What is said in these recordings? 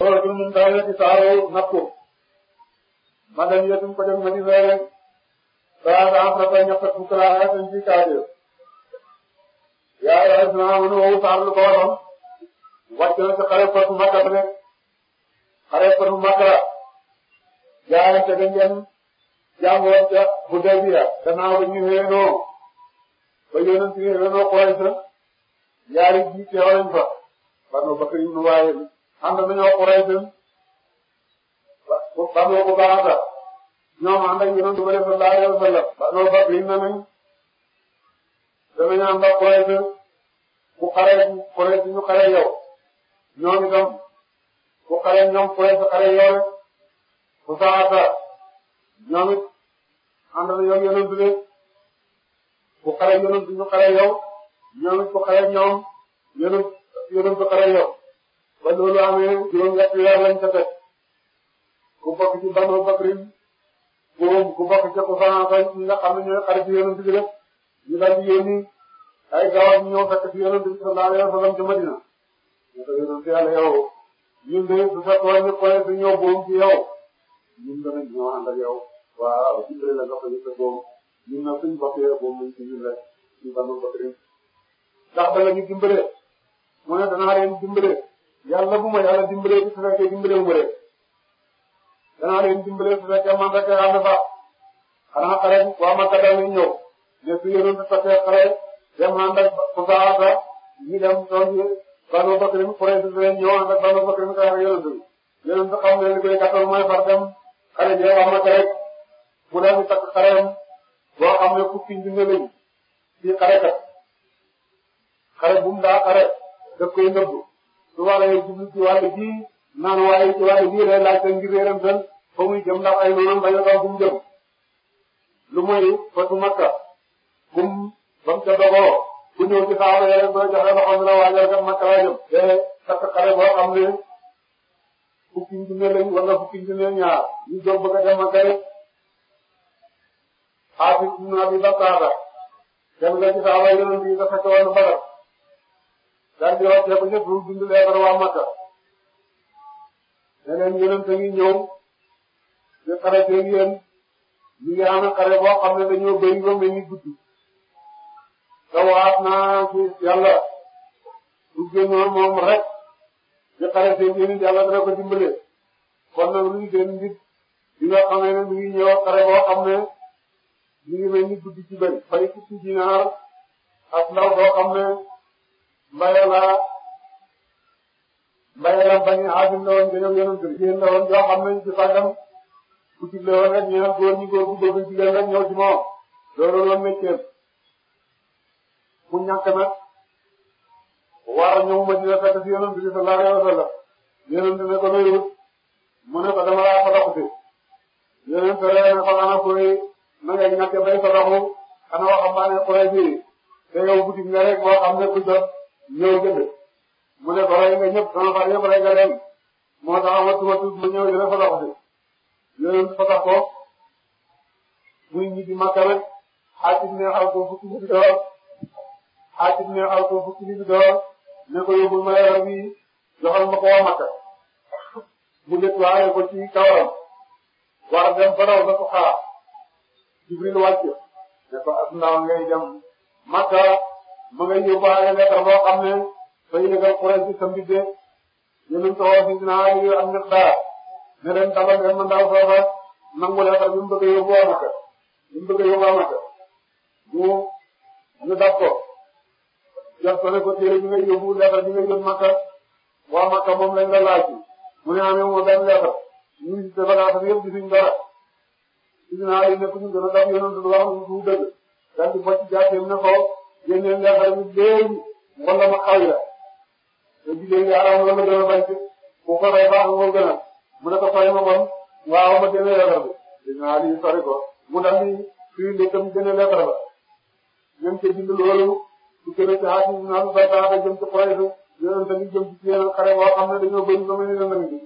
loolu bi moom daal la ci saaroo nattu ma dem yéen ko dem di weer rek balaa nga am rafet ñax fukk ci kàddu yaa yaa def naa ma ne wow saar lu ko waroon wàcc na ci xare fatu Makka bi rek xare fatu Makka la jaayante dañ dem jàngoon ca Hudaybiya gannaaw ñu xëyandoo ba yonent yi xëyandoo Quraysh ñaari ji teew lañ fa. Banu Bakr ibn Waayil am na lu ñu wax Quraysh Banu Qurayza ñoom ànd ak Yonent bi sallallahu alayhi wa sallam Banu Bakr lim na nañ danañu ku xare ñu xare ñoom itam ku xare ñoom Quraysh xare yow rek ku saxaata ñoom it ànd na yow Yonent bi ku xare Yonent ñu xare ñoom it ku xare ñoom Yonent Yonent xare ba loolu amee juróom-ñetti weer lañ ko def ku bokk ci Banu Bakri boobu ku bokk nga xam ne ñooy xarit yonent bi rek ñu daal di yónni ay gawar ñu ñëw fekk ci yonent bi sallallahu alayhi wa sallam ci Madina ñu ko yonent yàlla yow ñun de su fekkoon ñu koy su ñëw boobu ci yow ñun danañ ñëw ànd ak yow waaw jibril la nga ko yëg boobu ñun nag suñ bokkee boobu ñu ci ñun rek ci Banu Bakri ndax dana ñu dimbale mu ne danaa leen dimbale yàlla bu ma yàlla dimbalee ci su fekkee rek danaa leen dimbalee man rek laa ne faa xanaa xale waa Makka daal di ñëw mais su yéene su fekkee xale dem ànd ak Kousara ñu dem toog ñu Banu Bakr mi Quraysh su fekkee ñëw ànd ak Banu Bakr mi xanaa yéene su yéene su xam ne li koy gàttal mooy far dem xale bi rek mu daal di takk xaleem xam ne fukki junne lañu fii xare kat xare bu mu daa xare daf koy nëbbu. su waree jublu ci waaye ji naan waaye ci waaye ji lay laajte ngir yéeram seen fa muy jëm ndax ay noonam bañ a daw fu mu jëm lu mooy fatu makka ba mu ca dogoo ku ñëw ci saaba yéen ba joxe loxo mi la waajal kat makka laa jëm. te takk xare boo xam ne fukki junne lañ wala fukki junne ñaar ñu jóg bëgg a dem makka rek xaafis ibn abi bakaada dem nga ci saaba yéen a ngi ko daal di wax teeku ñëpp ñu bind leetar waa Makka ne leen yonent ngi ñëw di xare seen yéen ñu ngi am xare boo ne dañoo bëri ba mel ni guddi naa ci yàlla bu moom rek di xare seen yéen yàlla dana ko dimbale kon nag luy seen nit di nga xamee ne mi ngi ñëw xare ne mi ngi mel ni guddi ci bëri fay fukki dinaar ndaw boo xam ne Mbayela Mbayela bañ a xaajul ne woon gëjëm yéen a xam ne ci sàggam ku ci leewoon rek ñu ne góor ñi góor bu bëgg jigéen rek ñëw a ñëw Madina fekk wa sallam yonent bi ne ko nuyu mu ne ko dama laa ko dox si yonent bi ne ko ana koy na ngay ñàkk bay sa doxu xanaa waxambaane koy fii rek boo xam ne ku jot. ñëw jënd mu ne ko nga ñëpp sama xar yëpp rey nga leen moo tax ma tuuma tuut ma ñëw jëlee fa dox si yooyu fa tax ko muy ñibbi Makka rek xaatim neexal ko fukki bi dool xaatim ko fukki bi ma yor bi joxal ma ko waa mu déployé ko ci kawaram war dem ba daw ba ko xalaat Jibril ne ko as ndaw ngay dem ma ngay yóbbaale lettre boo xam ne fay yëgal kuréel ci sëmbi bi yéen a ngi si dinaa yu am ñax dara ne leen tabal ngeen mën daal foofa nangu lettre bi mu bëgg a yóbbu amaka bi mu bëgg a yóbbu amaka ko jox ko ne ko téere bi nga yóbbu lettre bi nga yóbbu Makka waa Makka moom lañ la laaj mu ne amee moo benn lettre ñu ngi si bagage yëpp gisuñ dara si dinaa yu nekk ñu gën a dab yéen a ngi doon wax lu dëgg daal di bocc jàppee ne ko. génne nga xam béy wala ma la ma gën a bañ mu ne ko fay ma bon waaw ma génne leetar bi dinaa di sori mu dal di fii ndekam génne leetar ba ñoom ca bind loolu su gën a ci xaasi naan baytaata jëm ci xoyatu yonent bi jëm ci ci yeneen xare boo xam ne dañoo bëri ba mel ni lëndëm bi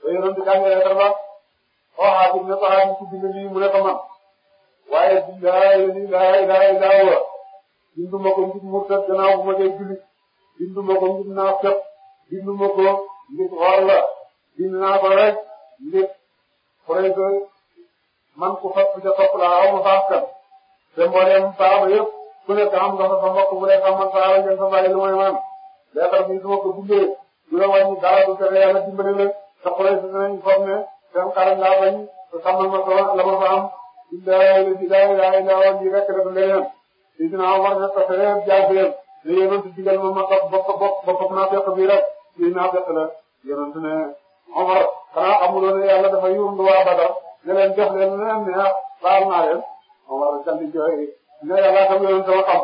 te yonent bi jàng leetar ba xoo xaasi ne ko xaasi ci bind lii mu ne ko man waaye bi laa ilaaha illallaah wa binduma ko ngir murtad gannaaw bu ma dee jullit binduma ko ngir naafeq binduma ko ngir xool la bind ko rek ngir xoolal man ku fap ca fap laa aw ma baax kan te mbooleem saaba yëpp ku nekk am nga fa sa mbokk bu dee xamal saaba ngeen fa bàyyi lu may man leetar bi su ma ko bindee du la wàññi dara du tere yàlla dimbali la te xoolal si dinañ foog ne seen xaram laa bañ te sàmmal ma ko la ma fa am. billahi la ilaha illa huwa ni rek rek leneen sidina Umar ne ko fere jaafeem ne yonent digal ma ma topp bokk bokk bokk naa fekk bi rek li naa fekk la yonent ne Umar xanaa xamuloo ne yàlla dafa yónni waa Badar ne leen jox leen ne am neex baal naa leen Umar kandi jooy ne yàlla tam yonent sama xam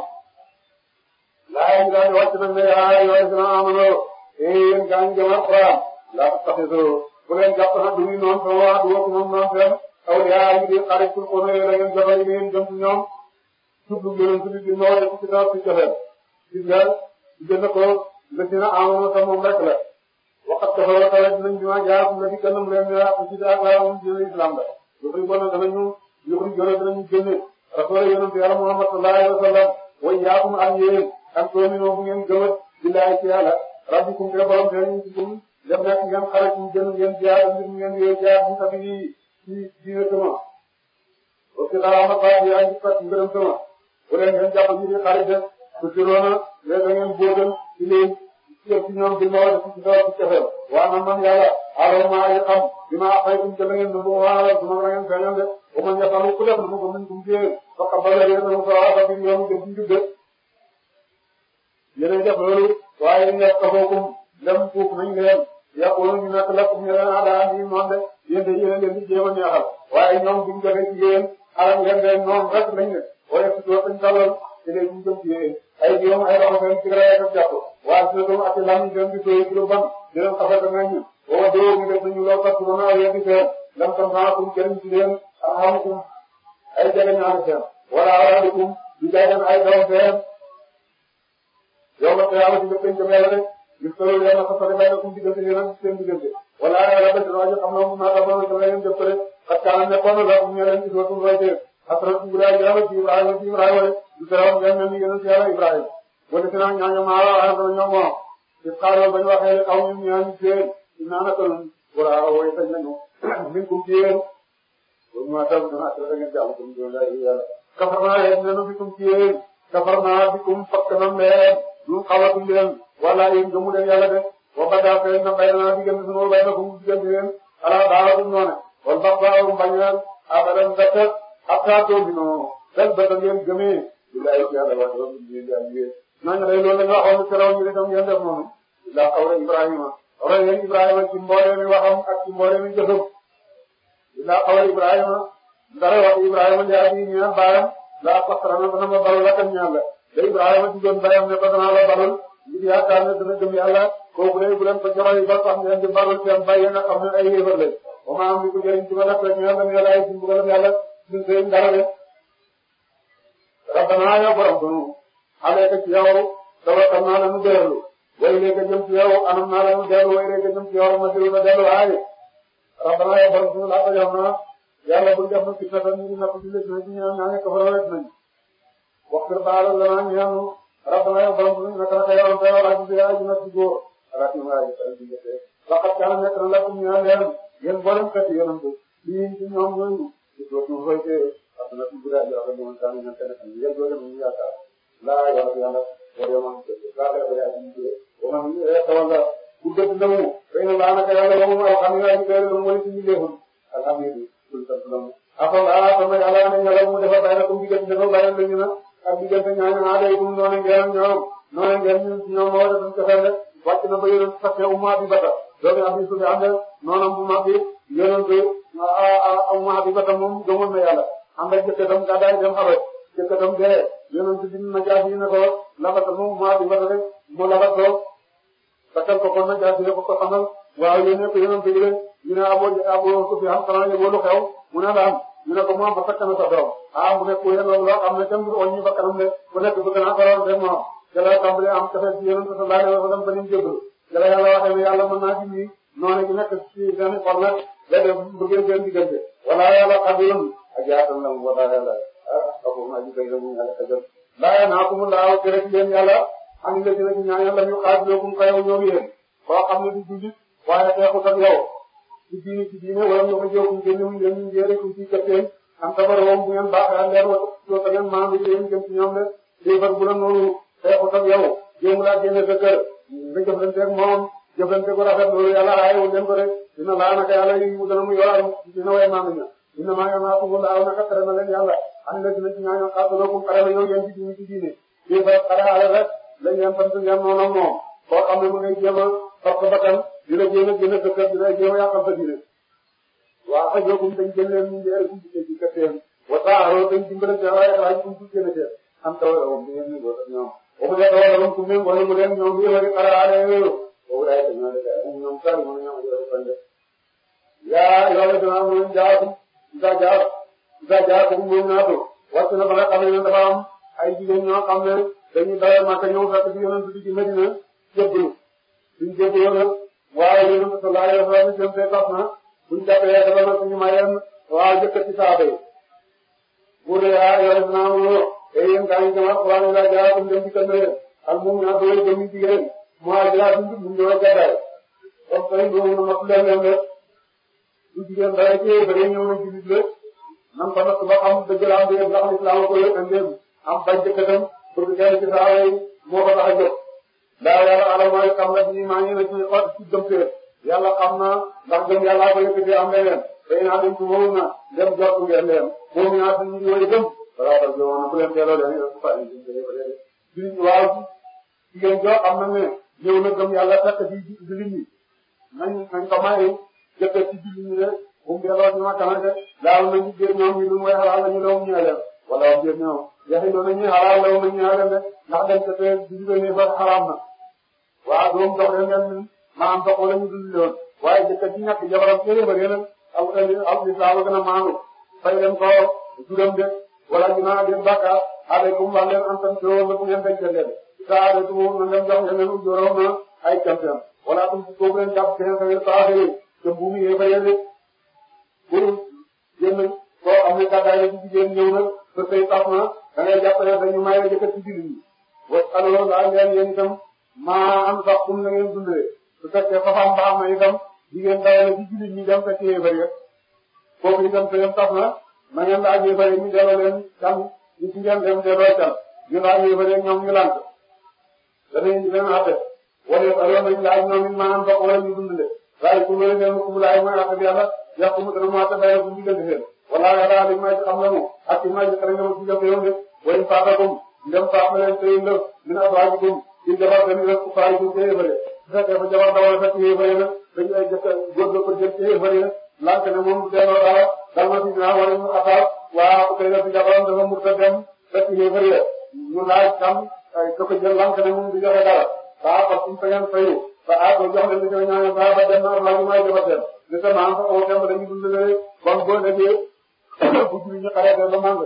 laa yi daal di wàcc nag ne yaa yoo sidina amanoo ee eh, yéen gaa ngi jëmal Alxuraan laa taxisoo bu leen jàpp nag du ñu noonu sama wax du wokk moom noonu fenn aw yaa ngi di xarit pour xaw ma yore ngeen jafe yi ngeen jëm ci ñoom jublu ngeen ci biir ñoom ci kaw ci jafe gis nga jënd ko lëkk na amoon na moom rek la waxat ko fa waxee dinañ ñu ah yaa ngi fi kanam leen yaa ngi ci daal yaa ngi jëlee islam la. yoo xam ne bon danañu yoo xam ne jëlee danañu génne rafet yonent yàlla Muhammad sallallahu alayhi wa sallam way yaakum ak yéen ak doom yi bu ngeen gëmat billahi ci yàlla rabbikum te borom te ñu ci kum def nekk ngeen xarit ñu jënd ngeen jaar ngir ngeen yee jaar ñu tafi ci diine semence parce que xalaat nag bàyyi ay fekk ngërëm semence bu dee ngeen jàpp ñu ne xarit de su ci roona mais da ngeen góobal ci léegi ci ci ñoom bi ma war a ci dara ci cafeel waaye man man yàlla maa ngi kum ca da ngeen nangu waaw su ma da ngeen feeñal na mu ko muñ kum ba xam ba léegi dama ko wax ak yoonu def ñu jubbe yéen a def loolu waaye ñu nekk lem fuuf nañ leen yàquwul ñu nekk lakum ñu leen aadaan yi noonu de yéen de yéen leen di jéem a waaye ñoom buñ defee ci yéen alam ngeen de noonu rek lañ ne wala si doo sañ taloon ci léegi ñu jëm ay jéem ay loxo seen ci rek ak jàpp waaye si doom ak lam ñu dem di doy ci lu ban di leen xafat nañ ñu boo doo ñu def nañu law parce que mën a yéen di seen lam kum jëriñ ci leen arhamukum ay jëriñaani seen wala awlaadikum di jaagan ay doom seen yow ma xiyaalu ci nga penc mel rek gis nga loolu yàlla xasal bàyyi la kum diggante yéen ak seen diggante wala yàlla bés rajo xam naa moom naa la mën a dama leen def rek parce que am na kon la ñu leen gis nga suñu rajo après su guddee ak yàlla ci Ibrahima ci Ibrahima rek du teewoon ngeen mel ni yéen ci yàlla Ibrahima. wala si nag ñooñu maa la waxee dama ñoom moo ci xaaral ba ñu waxee ne aw ñun ñaan ci yéen dinaa naka luñ wala way sañ nañu min kum ci yéen loolu maa tax dana assuré ngeen jàmm kum ci yéen yàlla kafarnaa yéen nanu bikum ci yéen kafarnaa bikum fakk na leen ñu xalaatu leen wala wa badaa feeñ na bay naa diggante suñu wala bay na ko mu diggante leen ala daalatum noone wal bax baarum bañ leen abadan dëkk ak saa tool yi noonu benn bët ngeen gëmee billahi ci yàlla wax dëgg yéen daal yéen. ñooñu day loolu la ñu waxoon ci raw ñu ne tam ngeen def noonu la awra Ibrahima awra yéen Ibrahima ci mbooleem yi waxam ak ci mbooleem yi jëfam la awra Ibrahima baayam la faxtarana ba na ma balu la tam la te Ibrahima digoon bayam ne ko danaa la baral ngir yaakaar ne dana gëm yàlla kooku day bu leen ko joxee ba tax ngeen di baral seen bay yéen a xam ne ay yéefar lañ ba ma am lu ko jëriñ ci ma def rek ñu yàlla yàlla ay suñu bëggoon yàlla suñu sëriñ dara de. rabbana yow borom sunu xale ka ci yow tawakkal naa la nu dellu way léegi jëm ci yow anam naa la nu dellu way léegi jëm ci yow ma dellu ma dellu waaye rabbana yow borom sunu laata jox na yàlla bu ñu def na ci feneen ñu ngi napp ci léegi nag ñu ñaan ñaan waxtu baal la naan ñaanu rabbana yow borom bi naka la ko yoroon teel a laaj bi yaa gis ci góor alaaka ñu waay ay di jëfe waxat kaan nekk na lakum ñaan leen yéen borom kati yonent bi lii ci ñoom ñooñu ci dootu koy téye parce que nag bu dee jëlaat ñu woon kaan ñu nekk na yéen doo dem ñu yaakaar laa yor yàlla war yow maam laa yor yaa ci ñu wa man tawalla ku dëgg ndamu fay na laa naka yàlla moom aw xam nga ñu teel lu mooy ci ñu leexul alhamdulilah kul sant lamu afal ala sama yàlla ne ñala mu dafa bay na comme diggante dafa bay na ñu na ak diggante ñooñu maa day dund noonu ngeen ñoom noonu ngeen ñun si ñoom moo defoon ca fenn wàcc na ba yéen a fàtte umma bi bata doomi abi sufyaan de noonam bu mag bi yéen a umma bi bata moom gëmoon na yàlla am rek jëkkëtam gàddaay dem xabaj jëkkëtam dee yéen a tudd najaas yi ne ko lafatal moom umma bi bata rek mu lafat ko takkal ko kon najaas yi ko ko xamal waaw yéen ñëpp yéen a tudd rek ñu ne aboo aboo sufyaan xanaa yëgoo lu xew mu ne la am ñu ne ko moom ba fekk na sa doom ah mu nekk ku yelloo loo xam ne kenn du oñ ñu bakkanam ne ku nekk bëgg naa faral de moom gala tàmbali am café ci yonent sallallahu alayhi wa sallam ba nim jéggalu gala yàlla waxee ne yàlla mën naa jimyi noonu gi nekk ci seen xol nag la def bëggee seen diggante wala yàlla xabirum ajaatan lam wala yàlla akum ah aji bay lamu yàlla ajal laa yanaakum laaw tere ci yéen yàlla am la dina ci ñaan yàlla ñu xaaj lookum kayow ñoom yéen koo xam ne du jullit waaye xeexut ak yow ci diine ci diine wala mu doon jëw bu ñu leen ñu jëlee ci capteen am tabarawam bu ngeen baaxee ak leer wa soo ko ngeen maam ci yéen jëm ci ñoom la déefar bu la noonu xeexut ak yow jéem laa génne sa kër nga jëflanteeg moom jëflante ko rafet loolu yàlla aayewul leen ko rek dina laa naka yàlla yi mu dana mu yoram dina way maam ña dina maa nga naa ko laaw naka tere na leen yàlla am na dina ci ñaañoo xaatalookum xare la yow yéen ci diine ci diine déefar xare ala rek lañ leen sant ngeen noonu ak moom koo xam ne mu ngay jéem a topp bakkan dina jéem a gën a dëkkal dina jéem a yàqal sa diine waaw xam nga comme dañ jënd leen ñu jëlee suñ ci kër seen wasaaroo dañ dimbale seen waaye xalaat ñu suñ jënd seen am taw la moom dinañ leen góor ak ñoom. boobu day doon wala mu suñ leen wala mu leen ñoom ñu yële xalaatee loolu boobu day doon ñoom dafay am ñoom saa yu mën a ñoom ñu doon fande. yaa yow dinaa mën a jaaraatu Isa jaar Isa jaar comme moom naa ko waxtu na ba nga xam ne dafa am ay jigéen ñoo xam ne dañuy dawal Makka ñëw fekk ci yonent bi ci Medina jébbalu suñ jébbaloo nag waaye yéen a sallallahu alayhi wa na buñ jàppee dafa nekk ñu mayeen waaw jëkk ci saaba yi bu dee ah naa wóor te waa ñu laa jaay comme dem ci kër yéen ak moom ñaata yooyu jëm ci mu waa jaay mu ñëw ak gàddaay donc tey boobu nag mosu leen leen rek bu jigéen ñëw rek ci biir lépp nan ba nag ba xam dëgg laa am dëgg ndax islam ko yëpp am bañ jëkkatam pour que kenn ci moo ko tax a ndax yàlla alal mooy xam na ni maa ngi ne ci xol ci gëm kër yàlla xam na ndax gëm yàllaa ko yëkkati am leneen xëy na dem ci wóor na dem jot ngeen leen moom ñaar si ñu ñëwee gëm balaa ko jëloon na bu leen teeloo leen yëpp fay ñu jëlee ba léegi. suñu waaw jigéen joo xam na ne ñëw na gëm yàlla fekk ci jullit ñi nañ nañ ko maye jëkkër ci jullit ñi de bu mu delloo ci makanante daal nañu jéem ñoom ñu lu muy xalaat la ñu doon ñëwee leen wala jéem ñoom yaxi noonu ñuy xalaat la ñu ñëwee leen de ndax dañ ko tee jullit ñi fa xaraam na waaw doom dox leen ngeen maam dox wala ñu dul lool waaye jëkkër ci ñàkk jabaram bëri bëri nag aw aw lislaam gën a maanu fay leen ko juróom de wala ñu naan dem bàkkaar alaykum wax leen am tam si woon rek ngeen denc leen saa alaykum na ngeen jox ngeen leen ujóorom na ay cam wala atum kooku leen jàpp seen xëy na saa xëy na te buum yee fa noonu itam jigéen dawale ci jullit ñi dem fekk yéefar ya foofu na na ngeen laaj yéefar yi ñu delloo leen can ñu ci ngeen dem delloo can ñu laaj yéefar yi ñoom ñu lànk ñoom it maanaam bokk wala ñu dund de waaye ku mel ne ku mu laaj mooy atte bi yàlla yàqu mu dana mu atte bayal bu ñu gën di seen wala yàlla dañ may na mu ak may xare ñoom ci jëf de way faatakum ndem faat na leen sëyam def dina faatikum ci jabar dañu rek ku faay ku ko yéefare bu fekkee fa jabar dawal fekk yéefare nag dañu lay jot a góorgóorlu ko jëm ci yëfër ya lank ne moom delloo dara dal na si ñu naan wala ñu xasaar waa Ousseynou si Ndiabaram dafa mën a dem ba ci yëfër ya ñu laaj tam ka ko jël lank ne moom du joxe dara saa ko suñ ko yan fayu ba ah ko jox leen li koy ñaanal saa ba dem na am laaj may jëfa seen li ko naan ko oo dem dañu dundalee kon boo nekkee bu jur ñu xaree ba màng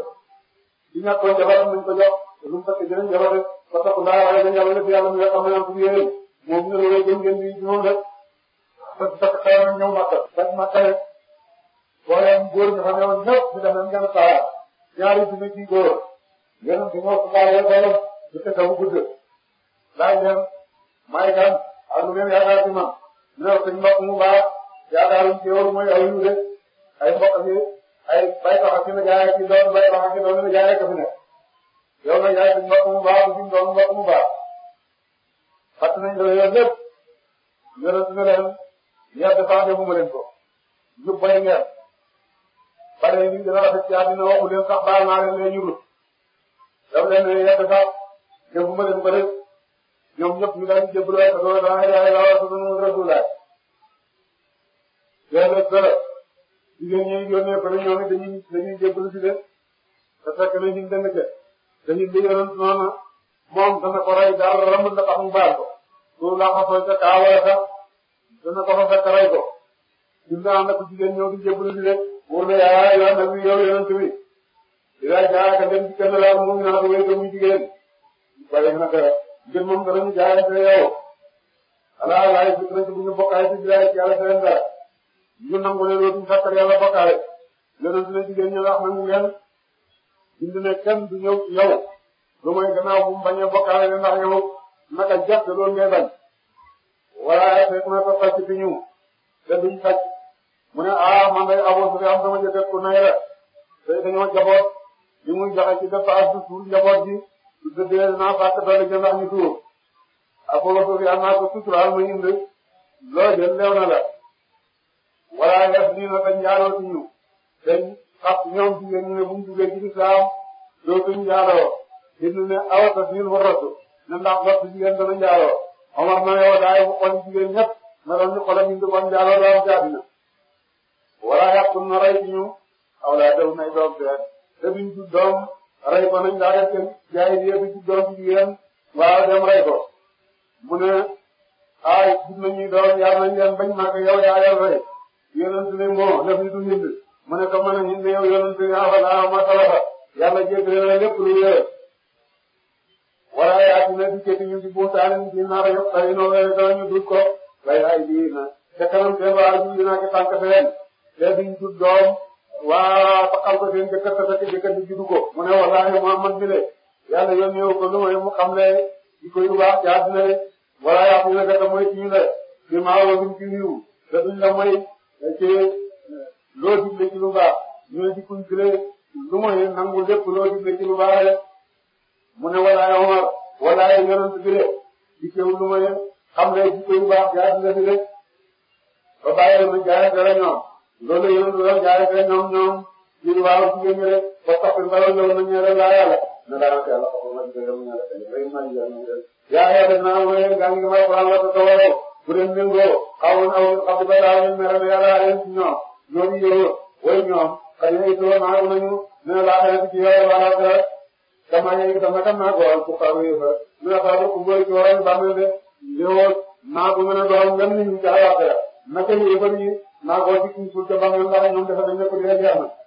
di ñàkk ko jabaram nañ ko jox lu mu fekk jëriñ jabar rek ba tax ndax waaye dañu yàlla lépp yàlla mi nga xam ne am fi yéen moom ñu ne la jëm ngeen di moom rek te du fekk xelam ñëw Makka. fekk Makka rek booleem góor ñu ñu def leen gën a saa ñaari junne ci góor yéen a ngi fi ñëw xaaral xaaral di fekk bu gudd. may kan ak lu ngeen yaakaar ci man ñu ne suñu mbokk mu baax yaakaaruñ ci yow mooy aw yu de ay mbokk yi ay baykat ak yeneen jaay ak yu doon baykat ak yu doon yeneen jaay rek a fi nekk yow nag yaay suñu mbokk mu baax du suñu doon mbokk mu baax fàttali nañ la yow lépp yéen a suñu leen. ñebe sax defu ma leen ko ñu boy ñebe bare yi ñu gën a rafet ci àddina waxu leen sax baal naa leen leen ñu rut daf leen ne ñebe sax defu ma leen ko rek ñoom ñëpp ñu daan jébbalu ak loolu daan yaay la war a tudd noonu rasulaay. yàlla def dara jigéen ñi yónnee ko rek ñoom it dañuy dañuy jébbalu ci leen te fekk nañ ñu dënd ca dañuy déggoo noonu moom dana ko rey dara ramul la tax mu baal ko loolu laa xasoo ca kaa wala sax. dana ko fa fekk rey ko ñun daan na ko jigéen ñëw di jébbalu di rek wóor na yaa yaa nabi yow yonent bi yaa jaaka dem ci kenn laa moom naa ko wéy ko muy jigéen waaye nag ngeen moom danañu jaayante yow ala laay fi rek bu ñu bokkaay ci bilaay ci yàlla seen dara ñu nangu ne dootuñu fàttali yàlla bokkaale jigéen ñi wax nañu ngeen bind ne kenn du ñëw yow lu mooy gannaaw bu mu bañ a bokkaale ne ndax yow naka jàpp loolu ngay bañ wala fekk na ko fàcc fi ñu te duñ fàcc mu ne ah man day Abu Sufyaan sama jëkkër ku nay la te dañoo jaboot li muy joxe ci def as tuur jaboot ji su dee naa fàtte doole jënd ak ñu tuur Abu Sufyaan naa ko suturaal ma indi loo jël leew na la wala yas nii na dañ jaaloo ci ñu dañ xam ñoom jigéen ñu ne bu mu duggee ci lislaam dootuñ jaaloo. it ne awata siin waratu ne ndax Omar ma ne walaay bu xool jigéen ñëpp na doon ñu xoolal ñu duggoon jàlloo daal jaadina wala yàqu na rey ñu aw laa daw doom te te biñ doom rey ko daa def seen jaay bi yëpp ci doom jigéen waaw dem rey ko mu ne ay doom yar nañ leen bañ màgg yow yaa leen rey yonent ne moo def ni du Hind mu ne ko mën a Hind yow yonent ne afalaa ma salafa yàlla jéggal lépp lu yore wala ay adduna si képp ñu si buutaan si nar yëpp xëy na wala daañu dugg ko waaye ay biir na te kanam seen waa ji dinaa ko tànk si leen te duñ jur doom waa taxal ko seen jëkkër te fekk juddu ko mu ne wallaahi Muhammad bi le yàlla yónnee wu ko lu may mu xam ne di ko yu baax ci àdduna le wala ay adduna kat mooy ci ñu la ci maa wala duñ ci wiwu te duñ la mooy ci loo digle ci lu baax ñu ne di kuñ ci le lu mooy nangu lépp loo digle ci lu baax rek. mu ne walaay Omar walaay yonent bi de dikkewul lu may xam ne jikko yu baax jaaree nga fi rek ba bàyyi ma jaaree dara ñoom loolu yonent bi la jaaree fee ñoom ñoom ñun waaw jigéen ñi rek ba topp mbaloo ñëw na ñëw rek laa yàlla na laa wax yàlla xaw ma jigéen ñi rek rek maa ngi leen di leen. yaa ngi rafet naa mooy gaa ngi may faral la ko tawaloo bu dee méngoo xawoon na woon xam nga daa leen mere yàlla leen ci ñoom ñoo ngi yëngu wala ñoom xëy na itam maa ngi nañu ne laa xamante ci yow wala dama yegg dama dem naa góor am ku xaru yi fa ñu ne xaru ku góor ci waroon bàmmeel de yow naa ko mën a doon même nit ñi ca àll ba pare naka yëngal ñi naa ko ci suuf ca bàmmeel ndax ñoom dafa dañ ne ko dina